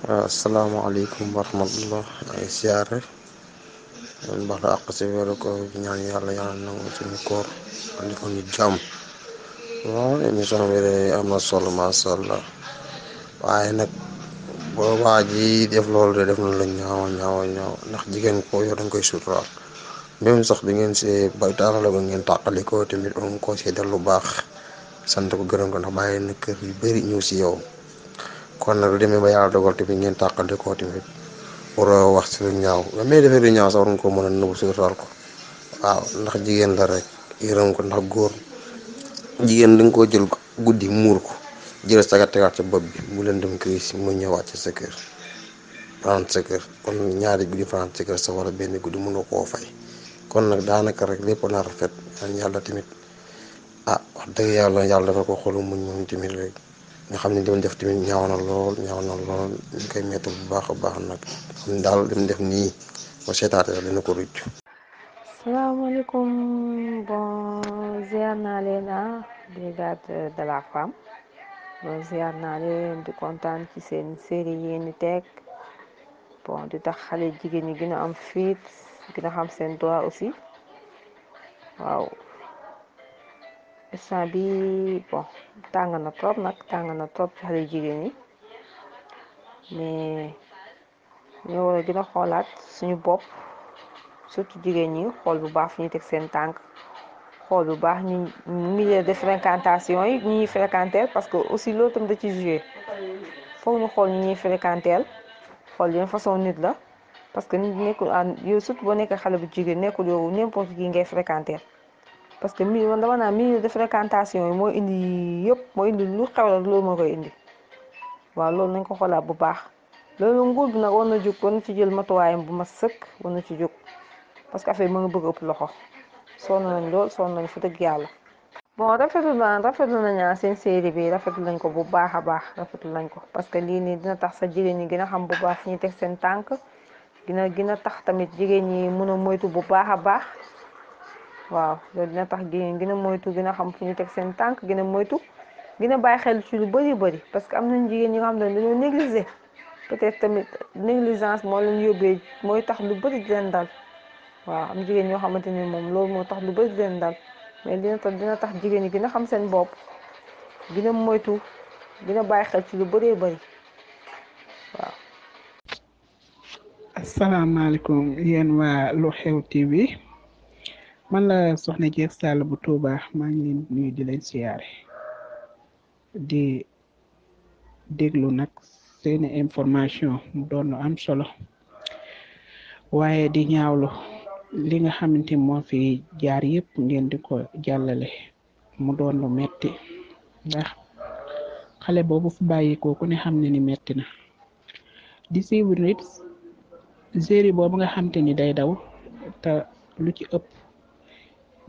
waaw asalaamaaleykum wa rahmatullah ay siyaare leen baax la àq si weeru koor ñaan yàlla yàlla nangu suñu koor andi ko ñu jàmm waaw émission bi de am na solo sol la waaye nag boo waa ji def loolu de def na la ñaaw ñaaw ñaaw ndax jigéen ko yow da koy suturaal même sax bi ngeen see ba daara ba ngeen tàqali ko tamit on ko see lu baax sant ko gërëm ko ndax bàyyi na kër yu bari ñëw ci yow kon nag lu demee ba yàlla dogal tamit ngeen tàqante koo tamit waroo wax si ñaaw ba muy defee lu ñaaw war nga ko mën a nëbbu suturaal ko waaw ndax jigéen la rek yërëm ndax góor jigéen da koo jël guddi muur ko jël saga tegaat bopp bi mu leen dem crise mu ñëwaat ci sa kër fanaan sa kër kon ñaari guddi fanaan sa sa wala benn guddi mënoo koo fay kon nag daanaka rek lépp na rafet yàlla tamit ah wax dëgg yàlla yàlla dafa ko xolu muñ moom tamit rek nga xam ne li doon def tamit ñaaw na lool ñaaw na lool ñu koy métti bu baax daal li mu def nii ba seetaate la dina ko rucc. salaamaaleykum bon ziar naa leen ah brigade de la femme bon ziar naa leen di kontaan ci seen série yi ni teg bon di tax xale jigéen ñi gi a am fit gën a xam seen droit aussi waaw. instant bi tàng na trop nag tàng na trop ci jigéen yi mais ñoo war a gën xoolaat suñu bopp surtout jigéen ñi xool bu baax fu ñu teg seen tànk xool bu baax ñu milieu de fréquentation yi ñu ñuy fréquenter parce que aussi loolu tam da ci joué foog ñu xool ñu ñuy fréquenter xool yéen façon nit la parce que nit nekkul yow surtout boo nekk xale bu jigéen nekkul yow n'importe qui ngay fréquenter parce que milieu man dama naa milieu de fréquentation yi moo indi yëpp moo indi lu xew la loolu moo koy indi waaw loolu nañ ko xoolaat bu baax loolu nguur bi nag war na jóg war na ci jël matuwaayam bu ma sëkk war na ci jóg parce que affaire mu ngi bëgg ëpp loxo sonn nañ lool sonn nañ fa dëgg yàlla. bon rafetlu naa rafetlu nañ ah seen série bi rafetlu nañ ko bu baax a baax rafetlu nañ ko parce que lii nii dina tax sa jigéen ñi gën a xam bu baax fi ñu teg seen tànk dina gën a tax tamit jigéen ñi mën a moytu bu baax a baax. waaw loolu dina tax génn gi a moytu gën a xam fu ñu teg seen tànk gën a moytu gën a bàyyi xel ci lu bëri bari parce que am nañ jigéen ñi xam ne dañoo négliger peut-être tamit négligence moo leen yóbbee mooy tax lu bëri di leen waaw am jigéen ñoo xamante ni moom loolu moo tax lu bëri di leen dal mais dina tax dina tax jigéen ñi gën a xam seen bopp gën a moytu gën a bàyyi xel ci lu bari bëri waaw. asalaamaaleykum yéen waa man la soxna Jeeg Sall bu Touba maa ngi leen nuyu di leen siyaare di déglu nag seeni information mu doon lu am solo waaye di ñaawlu li nga xamante moo fi jaar yëpp ngeen di ko jàllale mu doon lu metti ndax xale boobu fu bàyyikoo ku ne xam ne ni metti na di siiw nit série boobu nga xamante ni day daw te lu ci ëpp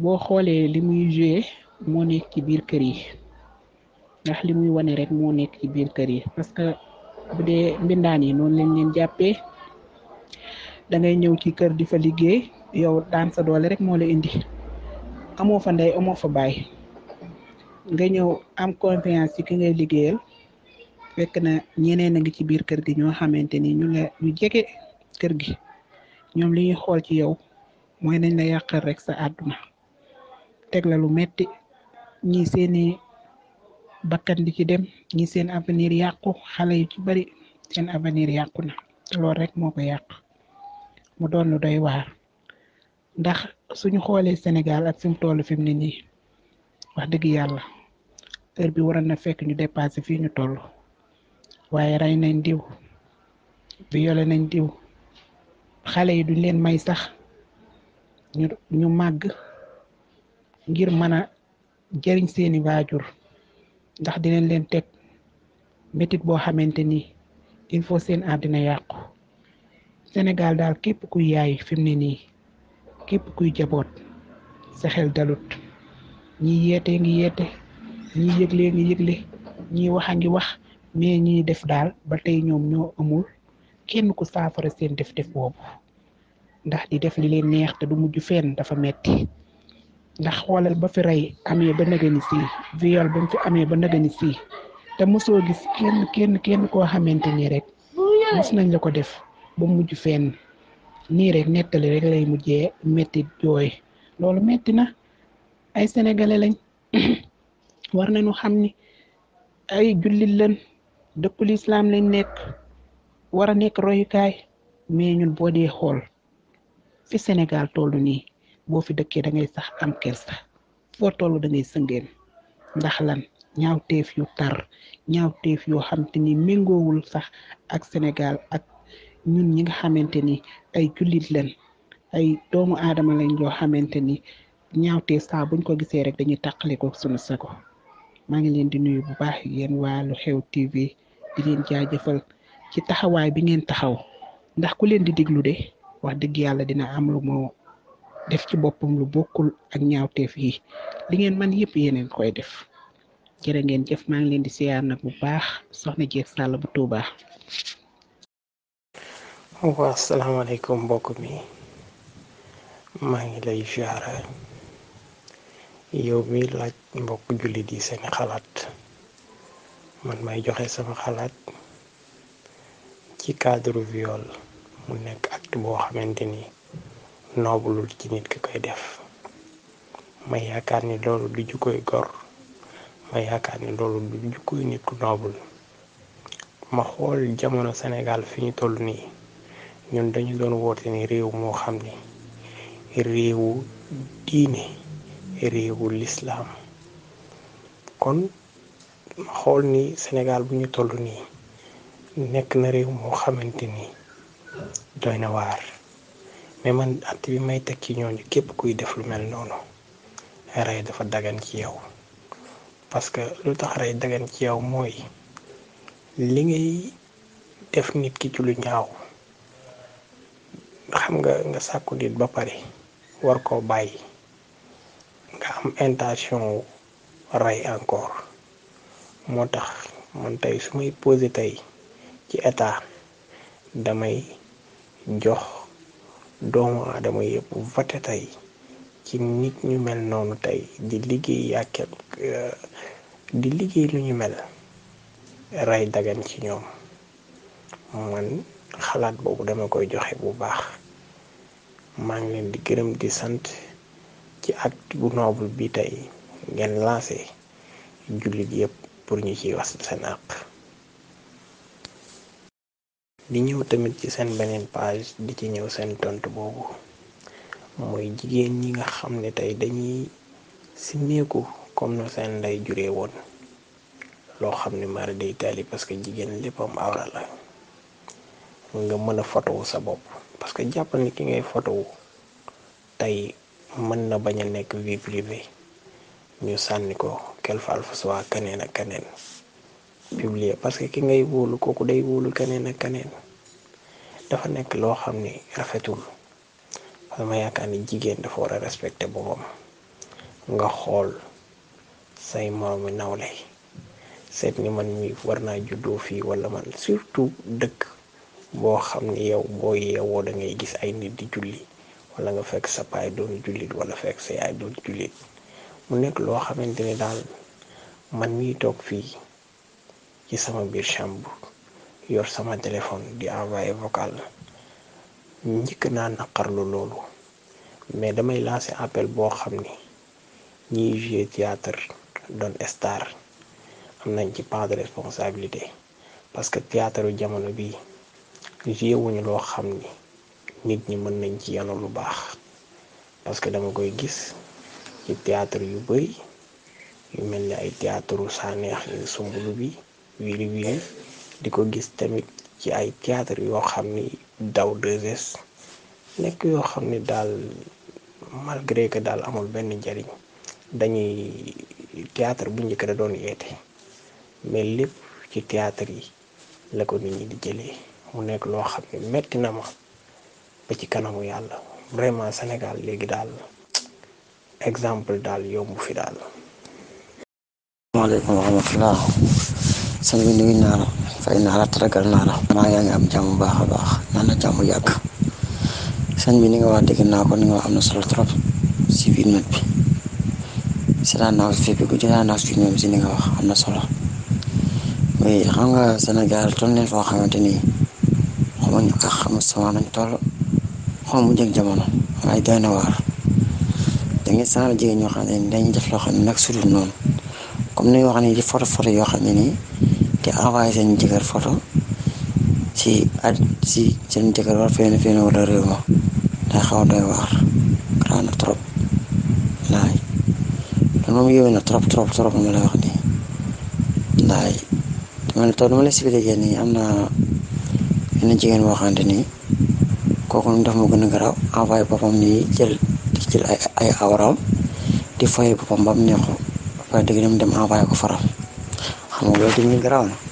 boo xoolee li muy joué moo nekk ci biir kër yi ndax li muy wane rek moo nekk ci biir kër yi parce que bu dee mbindaan yi noonu lañ leen jàppee dangay ñëw ci kër di fa liggéey yow daan sa doole rek moo la indi amoo fa ndey amoo fa baay nga ñëw am confiance ci ki ngay liggéeyal fekk na ñeneen a ngi ci biir kër gi ñoo xamante ni ñu la ñu kër gi ñoom li xool ci yow mooy nañ la yàqal rek sa àdduna teg lu metti ñi seeni bakkan di ci dem ñi seen avenir yàqu xale yi ci bari seen avenir yàqu na lool loolu rek moo ko yàq mu doon lu doy waar ndax suñu xoolee Sénégal ak fi mu toll fi mu ne nii wax dëgg yàlla heure bi waroon na fekk ñu dépassé fii ñu toll waaye rey nañ diw violé nañ diw xale yi duñ leen may sax ñu ñu màgg ngir mën a jëriñ seeni waajur ndax dinañ leen teg metit boo xamante ni il faut seen àddina yàqu Sénégal daal képp kuy yaay fi mu ne nii képp kuy jaboot sexel dalut ñi yeete ngi yeete ñi yëgle ngi yëgle ñi wax a ngi wax mais ñi def daal ba tey ñoom ñoo amul kenn ku saafara seen def-def boobu ndax di def li leen neex te du mujj feen dafa metti ndax xoolal ba fi rey amee ba nëgëni sii viol ba fi amee ba nëgëni sii te mosoo gis kenn kenn kenn koo xamante ni rek mos nañ la ko def ba mujj fenn nii rek nettali rek lay mujjee metti jooy loolu metti na ay sénégalais lañ war nañu xam ni ay jullit lañ dëkkul islam lañ nekk war a nekk royukaay mais ñun boo dee xool fi Sénégal tollu nii. boo fi dëkkee da ngay sax am kersa foo toll da ngay sëngeen ndax lan ñaawteef yu tar ñaawteef yoo xam te ni méngoowul sax ak Sénégal ak ñun ñi nga xamante ni ay jullit leen ay doomu aadama lañ yoo xamante ni ñaawteef saa buñ ko gisee rek dañuy tàqale ko sunu sago maa ngi leen di nuyu bu baax yéen waa Lu Xew TV di leen ci taxawaay bi ngeen taxaw ndax ku leen di déglu de wax dëgg yàlla dina am lu def ci boppam lu bokkul ak ñaawteef yi li ngeen man yépp yeneen koy def jërë ngeen jëf maa ngi leen di siyaar nag bu baax soxna jeeg sàll bu tuubaa waa asalaamaaleykum mbokk mi maa ngi lay siyaara yow mi laaj mbokk jullit yi seeni xalaat man may joxe sama xalaat ci cadre viol mu nekk acte boo xamante ni noobulul ci nit ki koy def ma yaakaar ni loolu du jukkoy gor ma yaakaar ni loolu du jukkoy nit ku noobul ma xool jamono senegaal fi ñu toll nii ñun dañu doon woote ni réew moo xam ni réewu diine réewu lislaam kon ma xool ni senegaal bu ñu toll nii nekk na réew moo xamante ni doy na waar mais man att bi may teg ci ñooñu képp kuy def lu mel noonu rey dafa dagan ci yow parce que lu tax rey dagan ci yow mooy li ngay def nit ki ci lu ñaaw xam nga nga sàkku nit ba pare war koo bàyyi nga am intention rey encore moo tax man tey su may posé tey ci état damay jox doomu aadama yëpp voté tey ci nit ñu mel noonu tey di liggéey yàkkel euh, di liggéey lu ñu mel rey dagan ci ñoom man xalaat boobu dama koy joxe bu baax maa ngi leen di gërëm di sant ci acte bu noble bi tey ngeen lancé jullit yëpp pour ñu ciy wax seen àq di ñëw tamit ci seen beneen page di ci ñëw seen tontu boobu mooy jigéen ñi nga xam ne tey dañuy simmeeku comme na seen nday juree woon loo xam ne mara day taali parce que jigéen léppam awra nga mën a fotowu sa bopp parce que jàppal ni ki ngay fotowu tey mën na bañ a nekk vie privée ñu sànni ko kel faal fa keneen ak keneen publier parce que ki ngay wóolu kooku day wóolu keneen ak keneen dafa nekk loo xam ne rafetul dama yaakaar ni jigéen dafa war a respecté boppam nga xool say moroomi nawle seet ni man mi war naa juddoo fii wala man surtout dëkk boo xam ne yow boo yeewoo da ngay gis ay nit di julli walla nga fekk sa paay doon jullit wala fekk sa yaay doon jullit mu nekk loo xamante ni daal man miy toog fii ci sama biir chambre yor sama téléphone di envoyé vocal njëkk naa naqarlu loolu mais damay lancer appel boo xam ni ñiy jouer théâtre doon star am nañ ci part de responsabilité parce que théâtre jamono bii jouer wuñu loo xam ni nit ñi mën nañ ci yanu lu baax parce que dama koy gis ci théâtre yu bëri yu mel ni ay théâtre saa neex yu sumbulu bi wiri wiri di ko gis tamit ci ay théâtre yoo xam ni daw 2 nekk yoo xam ni daal malgré que daal amul benn njariñ dañuy théâtre bu njëkk da doon yeete mais lépp ci théâtre yi la ko nit ñi di jëlee mu nekk loo xam ne metti na ma ba ci kanamu yàlla vraiment Sénégal léegi daal exemple daal yomb fi daal. sëñ bi nuyu naa la fay naa la taragal naa la maa yaa ngi am jàmm bu baax a baax naan na jàmm yàgg sëñ bi ni nga wax dëgg naa ko ni nga wax am na solo trop si biir net bi si laa naaw si fépp nga wax am na solo xam nga Sénégal toll nañ foo xamante ni xaw ma ñu àq xamul sama nañ toll xaw mu jëg jamono waaye doy da xam ne dañuy def loo xam ne nag su noonu comme ni wax nii di foto foto yoo xam ne nii. te envoyé seen jëkkër photo si at si seen jëkkër war fenn fenn wala réew ma day xaw a doy waar garaaw na trop ndaay loolu moom yéeme na trop trop trop ma nii am na yenn jigéen boo xamante ni kooku nu def mu gën a garaaw envoyé boppam nii jël di jël ay ay di foyee boppam ba mu neexu ba pare dëgg dem envoyé ko faram. xam nga loolu tamit garaaw na